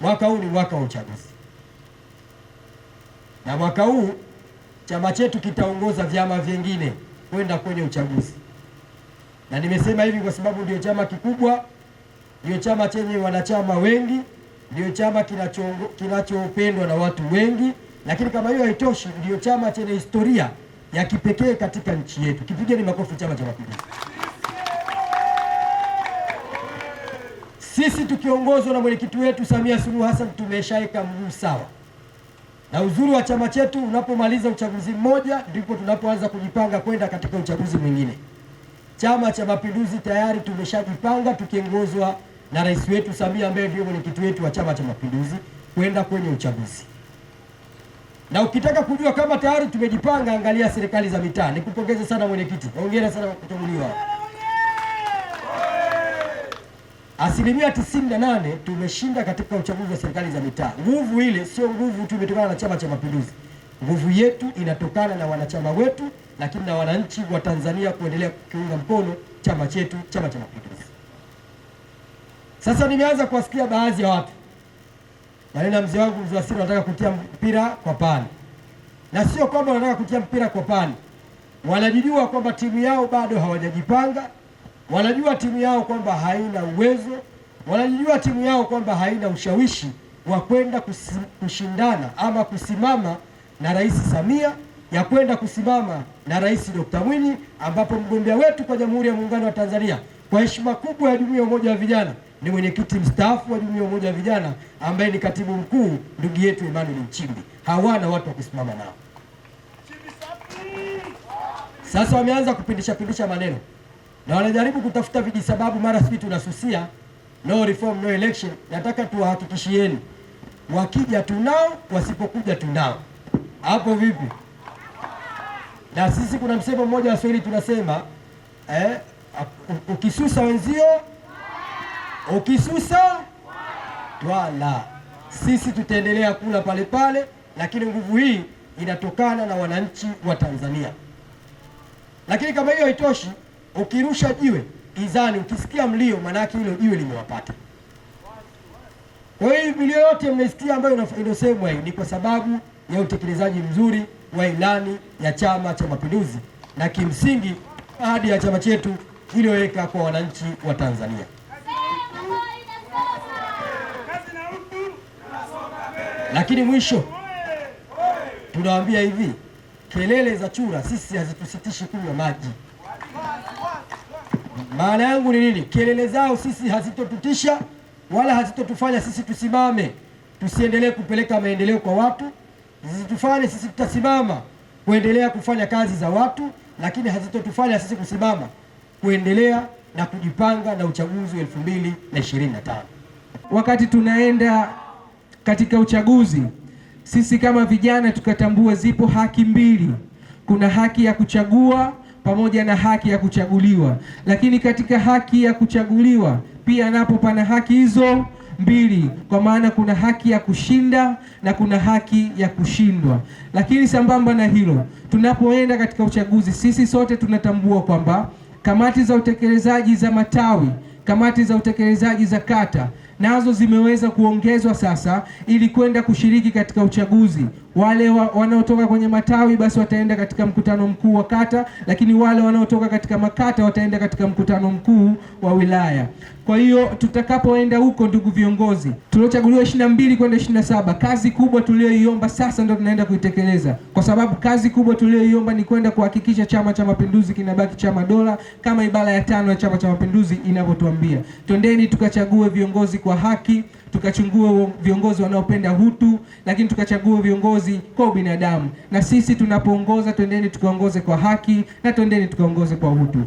Mwaka huu ni mwaka wa uchaguzi, na mwaka huu chama chetu kitaongoza vyama vyengine kwenda kwenye uchaguzi, na nimesema hivi kwa sababu ndio chama kikubwa, ndio chama chenye wanachama wengi, ndio chama kinachopendwa na watu wengi. Lakini kama hiyo haitoshi, ndio chama chenye historia ya kipekee katika nchi yetu. Kipigeni makofi Chama cha Mapinduzi. Sisi tukiongozwa na mwenyekiti wetu Samia Suluhu Hassan tumeshaika mguu sawa, na uzuri wa chama chetu, unapomaliza uchaguzi mmoja ndipo tunapoanza kujipanga kwenda katika uchaguzi mwingine. Chama cha Mapinduzi tayari tumeshajipanga tukiongozwa na rais wetu Samia ambaye ndio mwenyekiti wetu wa Chama cha Mapinduzi kwenda kwenye uchaguzi. Na ukitaka kujua kama tayari tumejipanga, angalia serikali za mitaa. Nikupongeze sana mwenyekiti, hongera sana kwa kuchaguliwa. Asilimia tisini na nane tumeshinda katika uchaguzi wa serikali za mitaa. Nguvu ile sio nguvu tu imetokana na Chama cha Mapinduzi, nguvu yetu inatokana na wanachama wetu, lakini na wananchi wa Tanzania kuendelea kukiunga mkono chama chetu, Chama cha Mapinduzi. Sasa nimeanza kuwasikia baadhi ya watu maneno ya mzee wangu mzee Wasira, wanataka kutia mpira kwa pani, na sio kwamba wanataka kutia mpira kwa pani, wanajijua kwamba timu yao bado hawajajipanga wanajua timu yao kwamba haina uwezo, wanajua timu yao kwamba haina ushawishi wa kwenda kushindana ama kusimama na Rais Samia ya kwenda kusimama na Rais Dr. Mwinyi, ambapo mgombea wetu kwa Jamhuri ya Muungano wa Tanzania kwa heshima kubwa ya Jumuiya ya Umoja wa Vijana ni mwenyekiti mstaafu wa Jumuiya ya Umoja wa Vijana ambaye ni katibu mkuu ndugu yetu Emmanuel Nchimbi. Hawana watu wa kusimama nao. Sasa wameanza kupindisha pindisha maneno na wanajaribu kutafuta vijisababu, mara sisi tunasusia no reform no election. Nataka tuwahakikishieni, wakija tunao, wasipokuja tunao. Hapo vipi? Na sisi kuna msemo mmoja wa Kiswahili tunasema eh, ukisusa wenzio ukisusa twala. Sisi tutaendelea kula pale pale, lakini nguvu hii inatokana na wananchi wa Tanzania. Lakini kama hiyo haitoshi Ukirusha jiwe izani, ukisikia mlio, maana yake hilo jiwe limewapata. Kwa hiyo milio yote mmesikia ambayo inasemwa hii ni kwa sababu ya utekelezaji mzuri wa ilani ya Chama cha Mapinduzi na kimsingi ahadi ya chama chetu iliyoweka kwa wananchi wa Tanzania. Lakini mwisho tunawaambia hivi, kelele za chura sisi hazitusitishi kunywa maji. Maana yangu ni nini? Kelele zao sisi hazitotutisha wala hazitotufanya sisi tusimame, tusiendelee kupeleka maendeleo kwa watu, zisitufanye sisi tutasimama kuendelea kufanya kazi za watu, lakini hazitotufanya sisi kusimama kuendelea na kujipanga na uchaguzi wa elfu mbili na ishirini na tano. Wakati tunaenda katika uchaguzi, sisi kama vijana tukatambua zipo haki mbili, kuna haki ya kuchagua pamoja na haki ya kuchaguliwa. Lakini katika haki ya kuchaguliwa pia napo pana haki hizo mbili, kwa maana kuna haki ya kushinda na kuna haki ya kushindwa. Lakini sambamba na hilo, tunapoenda katika uchaguzi, sisi sote tunatambua kwamba kamati za utekelezaji za matawi, kamati za utekelezaji za kata nazo zimeweza kuongezwa sasa ili kwenda kushiriki katika uchaguzi wale wa, wanaotoka kwenye matawi basi wataenda katika mkutano mkuu wa kata, lakini wale wanaotoka katika makata wataenda katika mkutano mkuu wa wilaya. Kwa hiyo tutakapoenda huko, ndugu viongozi tuliochaguliwa 22 kwenda 27, kazi kubwa tuliyoiomba sasa ndio tunaenda kuitekeleza, kwa sababu kazi kubwa tuliyoiomba ni kwenda kuhakikisha Chama cha Mapinduzi kinabaki chama dola kama ibara ya tano ya Chama cha Mapinduzi inavyotuambia. Twendeni tukachague viongozi kwa haki tukachungua viongozi wanaopenda hutu, lakini tukachagua viongozi kwa ubinadamu. Na sisi tunapoongoza, twendeni tukaongoze kwa haki na twendeni tukaongoze kwa hutu.